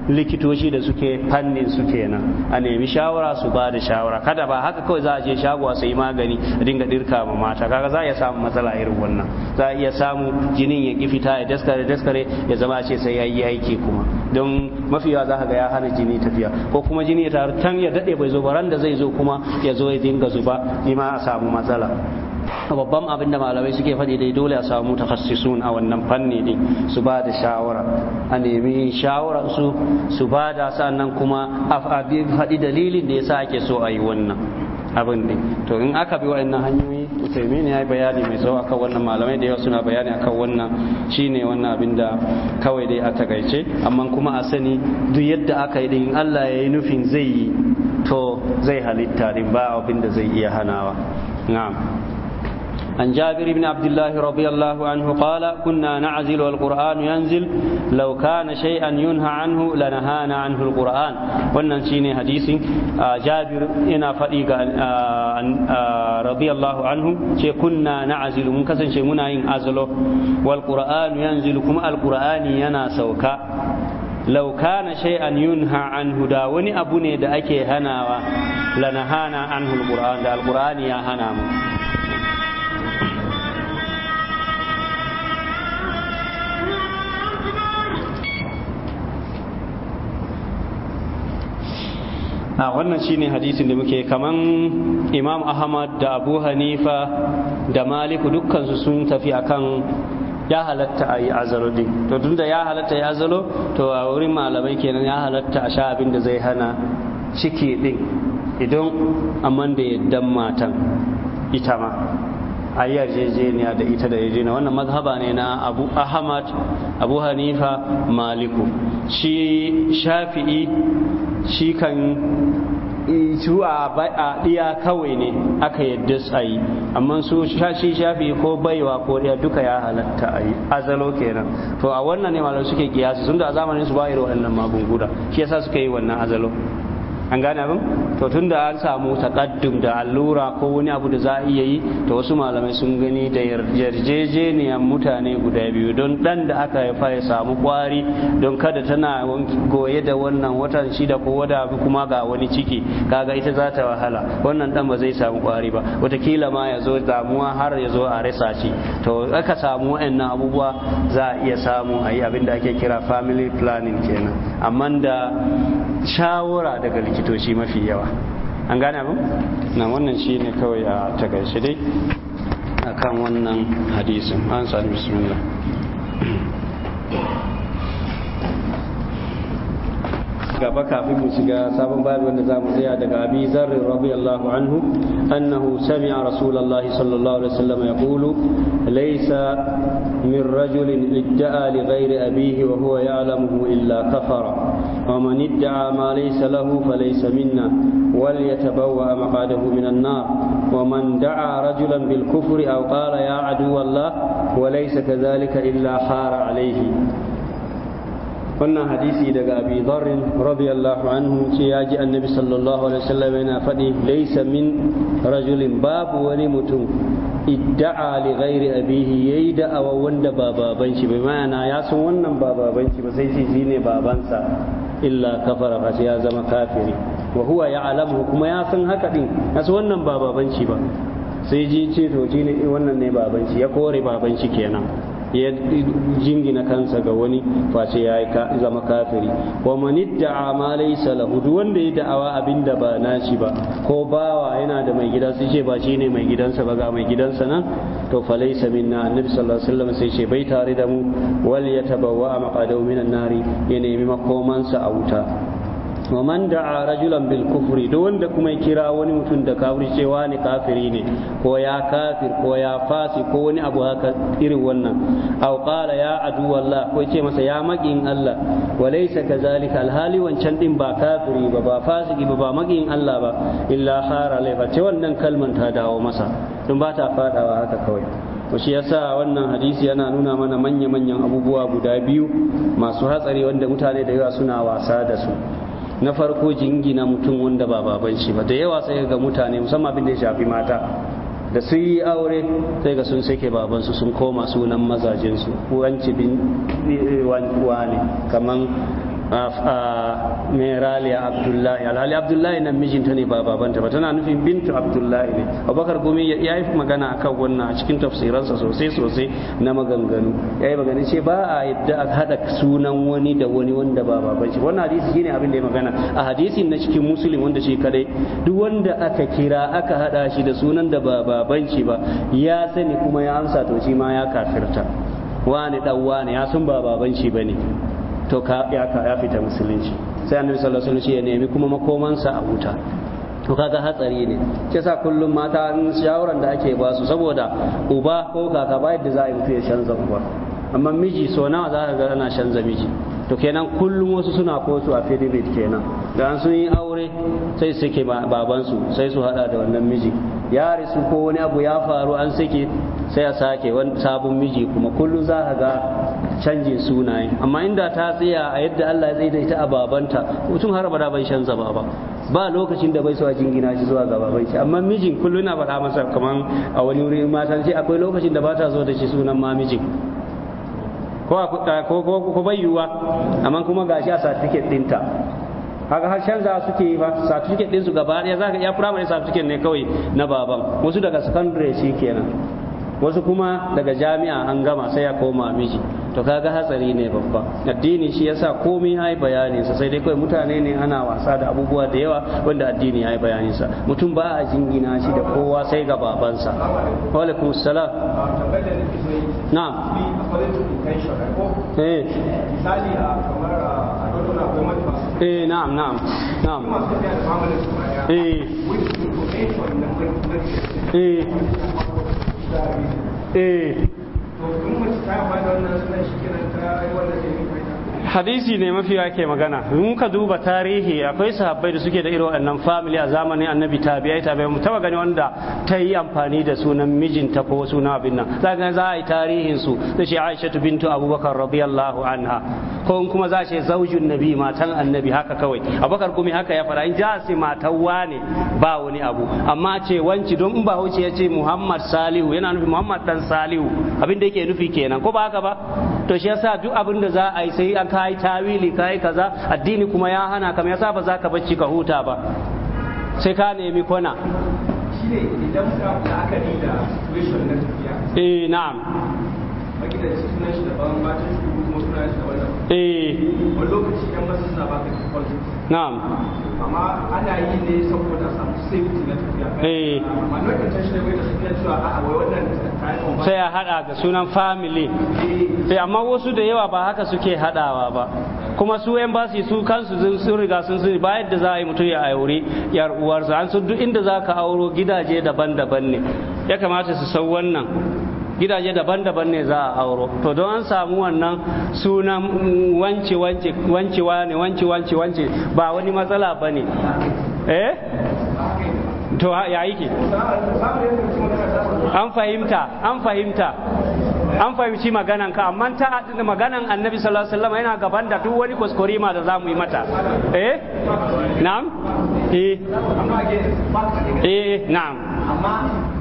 likitoci da suke fannin su kenan a nemi shawara su ba da shawara kada ba haka kawai za a je shago a sayi magani a dinga dirka ma mata kaga za a iya samun matsala irin wannan za a iya samu jinin ya ki fita ya daskare daskare ya zama a ce sai sai ya yi aiki kuma don mafiya za ka ga ya hana jini tafiya ko kuma jini ya taru tan ya daɗe bai zo ba ran da zai zo kuma ya zo ya dinga zuba ni ma a samu matsala babban abin da malamai suke faɗi dai dole a samu takhassisun a wannan fanni din su ba da shawara a nemi shawaran su su ba da sannan kuma a faɗi dalilin da yasa ake so a yi wannan abin din to in aka bi wa'annan hanyoyi utaimini ya yi bayani mai tsawo kan wannan malamai da yawa suna bayani a kan wannan shi ne wannan abin da kawai dai a takaice amma kuma a sani duk yadda aka yi din Allah ya yi nufin zai yi to zai halitta din ba abin da zai iya hanawa na'am عن جابر بن عبد الله رضي الله عنه قال كنا نعزل والقرآن ينزل لو كان شيئا ينهى عنه لنهانا عنه القرآن wannan shine hadisin Jabir yana faɗi ga radiyallahu anhu ce kunna na'zilu mun kasance muna yin azlo wal qur'anu yanzilu kuma al qur'ani yana sauka law kana shay'an yunha anhu da wani abu ne da ake hanawa lanahana anhu al qur'an da al qur'ani ya hana mu a ah, wannan shine hadisin da muke kaman imam ahmad da abu hanifa da maliku dukkansu sun tafi akan ya halatta a yi azalo din to tun da ya halatta ya azalo to a wurin malamai kenan ya halatta a sha abin da zai hana ciki din idan amman da yaddan matan ita ma a yarjejeniya da ita da yarjejeniya wannan mazhaba ne na abu ahmad abu hanifa maliku shi shafi'i shi kan su a ɗiya kawai ne aka yadda yi amma su shashi shafi ko baiwa ko ɗiya duka ya halatta a yi azalo kenan to a wannan ne malar suke kiyasi sun da a zamanin su ba irin wannan magunguna shi yasa suka yi wannan azalo an gane abin to tun da an samu takaddum da allura ko wani abu da za a iya yi to wasu malamai sun gani da yarjejeniyar mutane guda biyu don dan da aka haifa ya samu kwari don kada tana goye da wannan watan shida ko wada kuma ga wani ciki kaga ita za ta wahala wannan dan ba zai samu kwari ba watakila ma ya zo damuwa har ya zo a rasa shi to aka samu wa'annan abubuwa za a iya samu a yi abin da ake kira family planning kenan amma da shawara daga likita likitoci mafi yawa an gane abin na wannan shi ne kawai a takaice dai a kan wannan hadisin an sami bismillah gaba kafin mu shiga sabon babu wanda zamu tsaya daga Abi Dharr radiyallahu anhu annahu sami'a Rasulullahi sallallahu alaihi wasallam yaqulu laysa min rajulin idda'a li ghairi abihi wa huwa ya'lamuhu illa kafara wa man idda'a ma laysa lahu fa falaysa minna wal yatabawwa maqadahu وليتبوأ مقعده wa man da'a rajulan bil kufri aw qala يا عدو wa وليس kadhalika illa حار عليه wannan hadisi daga abi dharrin radiyallahu anhu ce ya ji annabi sallallahu alaihi wasallam yana faɗi laysa min rajulin babu wani mutum idda'a li ghairi abihi yayi da'awa wanda ba baban shi bai ma'ana ya san wannan ba baban shi ba sai shi shine babansa illa kafara fa ya zama kafiri wa huwa ya'lamu kuma ya san haka din ya san wannan ba baban shi ba sai ji ce to shine wannan ne baban shi ya kore baban shi kenan ya jingina kansa ga wani face ya yi zama kafiri wa man idda'a ma duk wanda ya da'awa abinda ba nashi ba ko bawa yana da mai gida sai ce ba shi ne mai gidansa ba ga mai gidansa nan to fa samin na annabi sallallahu alaihi wasallam sai ce bai tare da mu wal ya a maqadahu minan nari ya nemi makomansa a wuta wa man da'a rajulan bil kufri duk wanda kuma ya kira wani mutum da kafiri cewa ne kafiri ne ko ya kafir ko ya fasi ko wani abu haka irin wannan aw qala ya adu wallah ko ce masa ya makin Allah wa laysa kazalika alhali wancan din ba kafiri ba ba fasiki ba ba makin Allah ba illa hara laifa ce wannan kalman ta dawo masa tun ba ta fadawa haka kawai ko shi yasa wannan hadisi yana nuna mana manya-manyan abubuwa guda biyu masu hatsari wanda mutane da yawa suna wasa da su na farko jingina mutum wanda ba baban shi ba da yawa sai ga mutane musamman abin da ya shafi mata da su yi aure sai ga sun sake babansu sun koma sunan mazajensu wanci bin eh, eh, wani kaman meraliya abdullahi alhali abdullahi nan mijinta ne ba babanta ba tana nufin bintu abdullahi ne abubakar gumi ya yi magana a kan wannan a cikin tafsiransa sosai sosai na maganganu ya yi magana ce ba a yadda a haɗa sunan wani da wani wanda ba baban shi wannan hadisi shine abin da ya magana a hadisin na cikin musulun wanda shi kadai duk wanda aka kira aka haɗa shi da sunan da ba baban shi ba ya sani kuma ya amsa to shi ma ya kafirta wane dan wane ya san ba baban shi ne. to ka ya fita musulunci sai annabi sallallahu alaihi wasallam ya nemi kuma makomansa a wuta to kaga hatsari ne sa kullum mata shawaran da ake ba su saboda uba ko kaka ba yadda za a yi ya canza amma miji so nawa za ka ga ana canza miji to kenan kullum wasu suna kotu a pyramid kenan da sun yi aure sai suke babansu sai su hada da wannan miji ya risu ko wani abu ya faru an suke sai a sake wani sabon miji kuma kullum za ka ga canjin sunaye amma inda ta tsaya a yadda Allah ya tsaye ita a babanta mutum har da bai shanza ba ba lokacin da bai so a jingina shi zuwa ga baban shi amma mijin kullum na faɗa masa kaman a wani wuri matan sai akwai lokacin da ba ta zo da shi sunan ma mijin ko bai yiwuwa amma kuma gashi a certificate dinta. kaga har canza suke yi ba certificate ɗinsu su gaba za ka iya primary certificate ne kawai na baban wasu daga secondary shi kenan wasu kuma daga jami'a an gama sai ya koma miji to kaga hatsari ne babba addini shi yasa komai yayi bayanin sa sai dai kawai mutane ne ana wasa da abubuwa da yawa wanda addini yayi bayanin sa mutum ba a jingina shi da kowa sai ga babansa wa alaikum assalam na'am eh misali kamar a eh na'am na'am na'am eh eh eh hadisi ne mafi ke magana in ka duba tarihi akwai sahabbai da suke da irin wannan family a zamanin annabi tabi'ai tabi'ai mu taba gani wanda ta yi amfani da sunan mijinta ko sunan abin nan za ga za a yi tarihin su da shi Aisha bintu Abubakar radiyallahu anha ko kuma za ce zaujun nabi matan annabi haka kawai Abubakar kuma haka ya fara in ja sai matan wane ba wani abu amma ce wanci don ba wuce ya ce Muhammad Salihu yana nufi Muhammad dan Salihu abin da yake nufi kenan ko ba haka ba to shi yasa duk abin da za a yi sai an ka. kayi tawili kayi kaza addini kuma ya hana ka yasa ba za ka bacci ka huta ba sai ka nemi kona shine idan muka aka da na tafiya eh na'am eh sai a hada ga sunan family Sai eh, amma wasu da yawa ba haka suke hadawa ba kuma su yan basi su kansu sun riga sun sani ba yadda za a yi mutum ya aure yar uwarsa an su duk inda za ka auro gidaje daban-daban ne ya kamata su san wannan gidaje daban-daban ne za a auro to don an samu wannan sunan wance wance wance wane wance wance wance ba wani matsala ba ne eh to ya yi ke an fahimta an fahimta an fahimci maganan ka amma ta maganan annabi sallallahu alaihi wasallam yana gaban da duk wani kuskurima da zamu yi mata eh na'am eh eh na'am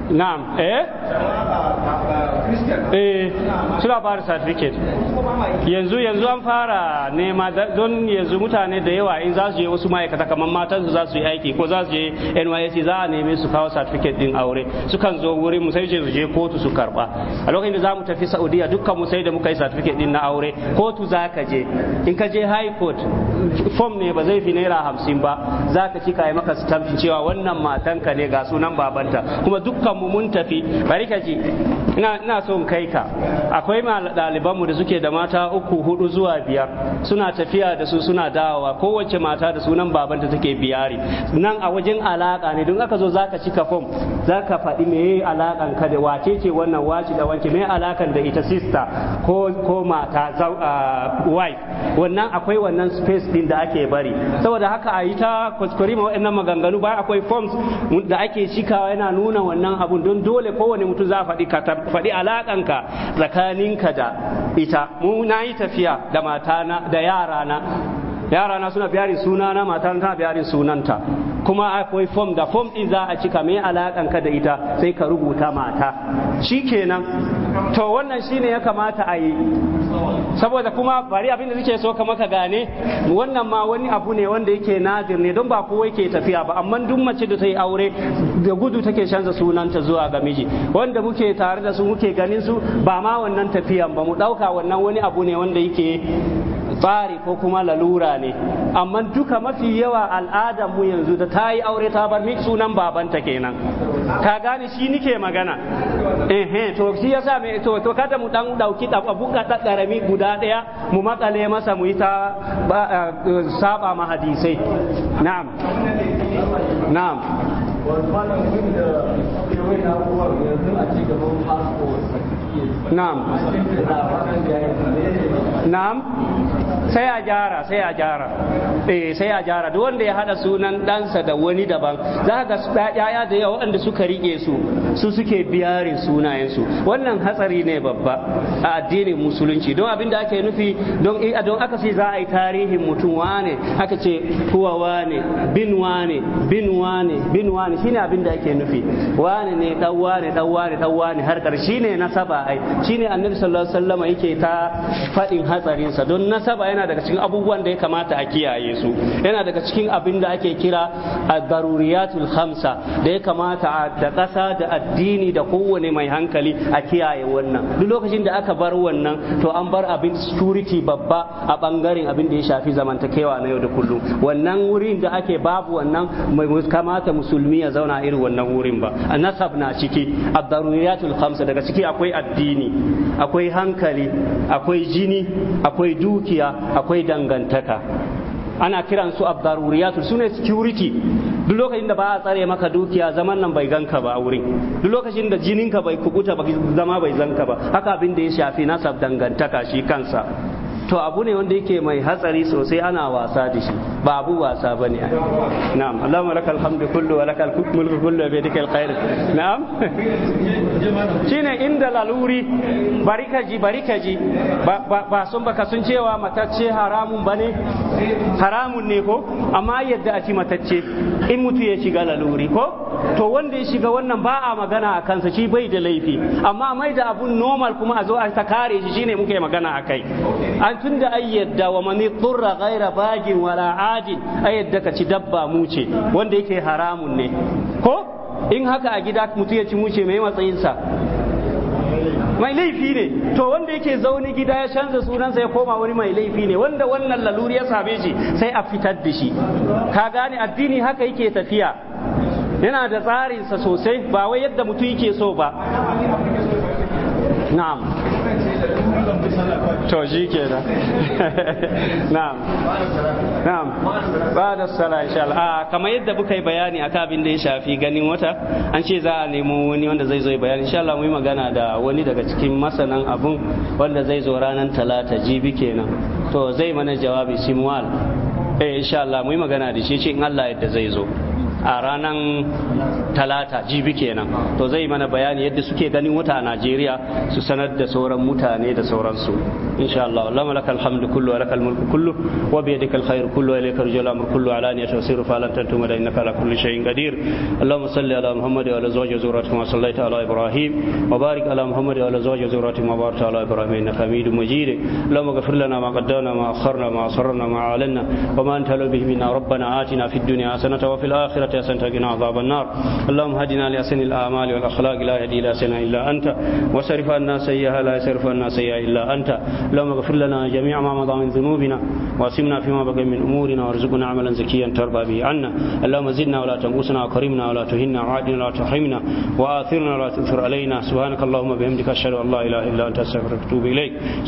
na'am eh eh suna ba certificate yanzu yanzu an fara nema don yanzu mutane da yawa in za su je wasu ma'aikata kamar matan za su yi aiki ko za su je NYSC za a neme su kawo certificate din aure sukan zo wurin mu sai su je kotu su karba a lokacin da za mu tafi Saudiya dukkan mu sai da muka yi certificate din na aure kotu za ka je in ka je high court form ne ba zai fi naira hamsin ba za ka cika yi maka stampin cewa wannan matanka ne ga sunan babanta kuma dukkan ku mun tafi bari ka ji ina son kai ka akwai mu da suke da mata uku hudu zuwa biyar suna tafiya da su suna dawowa kowace mata da sunan babanta take biyari nan a wajen alaka ne don aka zo zaka cika fom ka faɗi me alakan ka da wace ce wannan wace da wanke me alakan da ita sister ko mata wife wannan akwai wannan space din da ake bari saboda haka a yi ta kuskure ma waɗannan maganganu ba akwai forms da ake cikawa yana nuna wannan abun don dole kowane mutum za faɗi ka faɗi alaƙanka tsakaninka da ita mu na yi tafiya da matana da yarana yarana suna biyarin sunana matana ta biyarin sunanta kuma akwai fom da fom ɗin za a cika mai alaƙanka da ita sai ka rubuta mata shi shikenan to wannan shine ya kamata a yi saboda kuma bari abin da suke so ka maka gane wannan ma wani abu ne wanda yake nadir ne don ba kowa yake tafiya ba amma duk mace da ta yi aure da gudu take canza sunanta zuwa ga miji wanda muke tare da su muke ganin su ba ma wannan tafiyan ba mu ɗauka wannan wani abu ne wanda yake bari ko kuma lalura ne amma duka mafi yawa al'adar mu yanzu da ta yi aure ta bar sunan babanta kenan ka gane shi nike magana eh to shi yasa me to to kada mu dan dauki abu ka karami guda daya mu makale masa mu yi ta eh, saba ma hadisai na'am na'am na'am na'am sai a jara sai a jara, eh sai a jara duk wanda ya hada sunan ɗansa da wani daban za ga yaya da yawa waɗanda suka rike su su suke biyarin sunayensu wannan hatsari ne babba a addinin musulunci don abin da ake nufi don aka ce za a yi tarihin mutum wane aka ce kuwa wane bin wane bin wane bin wane wani shine abin da ake nufi wani ne dan wani dan wani dan wani har karshe ne nasaba ai shine annabi sallallahu alaihi wasallam yake ta fadin hatsarin sa don nasaba yana daga cikin abubuwan da ya kamata a kiyaye su yana daga cikin abin da ake kira ad-daruriyatul khamsa da ya kamata da ƙasa da addini da kowane mai hankali a kiyaye wannan duk lokacin da aka bar wannan to an bar abin security babba a bangaren abin da ya shafi zamantakewa na yau da kullum wannan wurin da ake babu wannan mai kamata musulmi mutum ya zauna irin wannan wurin ba nasab na ciki ad-daruriyatul khamsa daga ciki akwai addini akwai hankali akwai jini akwai dukiya akwai dangantaka ana kiran su ad-daruriyatul sune security duk lokacin da ba a tsare maka dukiya zaman nan bai ganka ba a wurin duk lokacin da jininka bai kubuta ba zama bai zanka ba haka abin da ya shafi nasab dangantaka shi kansa to abu ne wanda yake mai hatsari sosai ana wasa da shi ba abu wasa bane ne na'am allahumma lakal alhamdu kullu wa lakal mulku kullu bi yadikal khair na'am shine inda laluri barikaji barikaji ba sun baka sun cewa matacce haramun bane haramun ne ko amma yadda a ci matacce in mutu ya shiga laluri ko to wanda ya shiga wannan ba a magana a kansa shi bai da laifi amma mai da abun normal kuma a zo a ta kare shi shine muke magana a kai an tunda ai yadda wa mani turra ghaira bagin wala adin ai yadda ka ci dabba muce wanda yake haramun ne ko in haka a gida mutum ya ci muce mai matsayinsa mai laifi ne to wanda yake zauni gida ya canza sunansa ya koma wani mai laifi ne wanda wannan laluri ya same shi sai a fitar da shi ka gane addini haka yake tafiya yana da tsarinsa sosai ba wai yadda mutum yake so ba na'am to shi da na'am na'am ba da sala insha Allah ah, kamar yadda muka yi bayani a kabin da ya shafi ganin wata an ce za a nemo wani wanda zai zo bayani insha Allah mu yi magana da wani daga cikin masanan abun wanda zai zo ranar talata jibi kenan to zai mana jawabi simwal eh insha Allah mu yi magana da shi ce in Allah yadda zai zo a ranar talata jibi kenan to zai mana bayani yadda suke ganin wuta a Najeriya su sanar da sauran mutane da sauransu insha Allah Allahumma lakal hamdu kullu wa lakal mulku kullu wa bi yadika al khairu kullu wa ilayka rujul amr kullu ala niyati wasiru fa lan tantum da innaka ala kulli shay'in qadir Allahumma salli ala Muhammad wa ala zawji zurrati ma sallaita ala Ibrahim wa barik ala Muhammad wa ala zawji zurrati ma barakta ala Ibrahim innaka Hamidum Majid Allahumma ighfir lana ma qaddamna ma akharna ma asarna ma alanna wa ma anta bihi minna rabbana atina fid dunya hasanatan wa fil akhirati تحسن تقنا عذاب النار اللهم هدنا لأسن الآمال والأخلاق لا يهدي إلى لأحسنها إلا أنت وصرف عنا سيئها لا يصرف عنا سيئها إلا أنت اللهم اغفر لنا جميع ما مضى من ذنوبنا واسمنا فيما بقي من أمورنا وارزقنا عملا زكيا ترضى به عنا اللهم زدنا ولا تنقصنا وكرمنا ولا تهنا وعادنا ولا تحرمنا وآثرنا ولا تؤثر علينا سبحانك اللهم بحمدك أشهد أن لا إله إلا أنت أستغفرك وأتوب إليك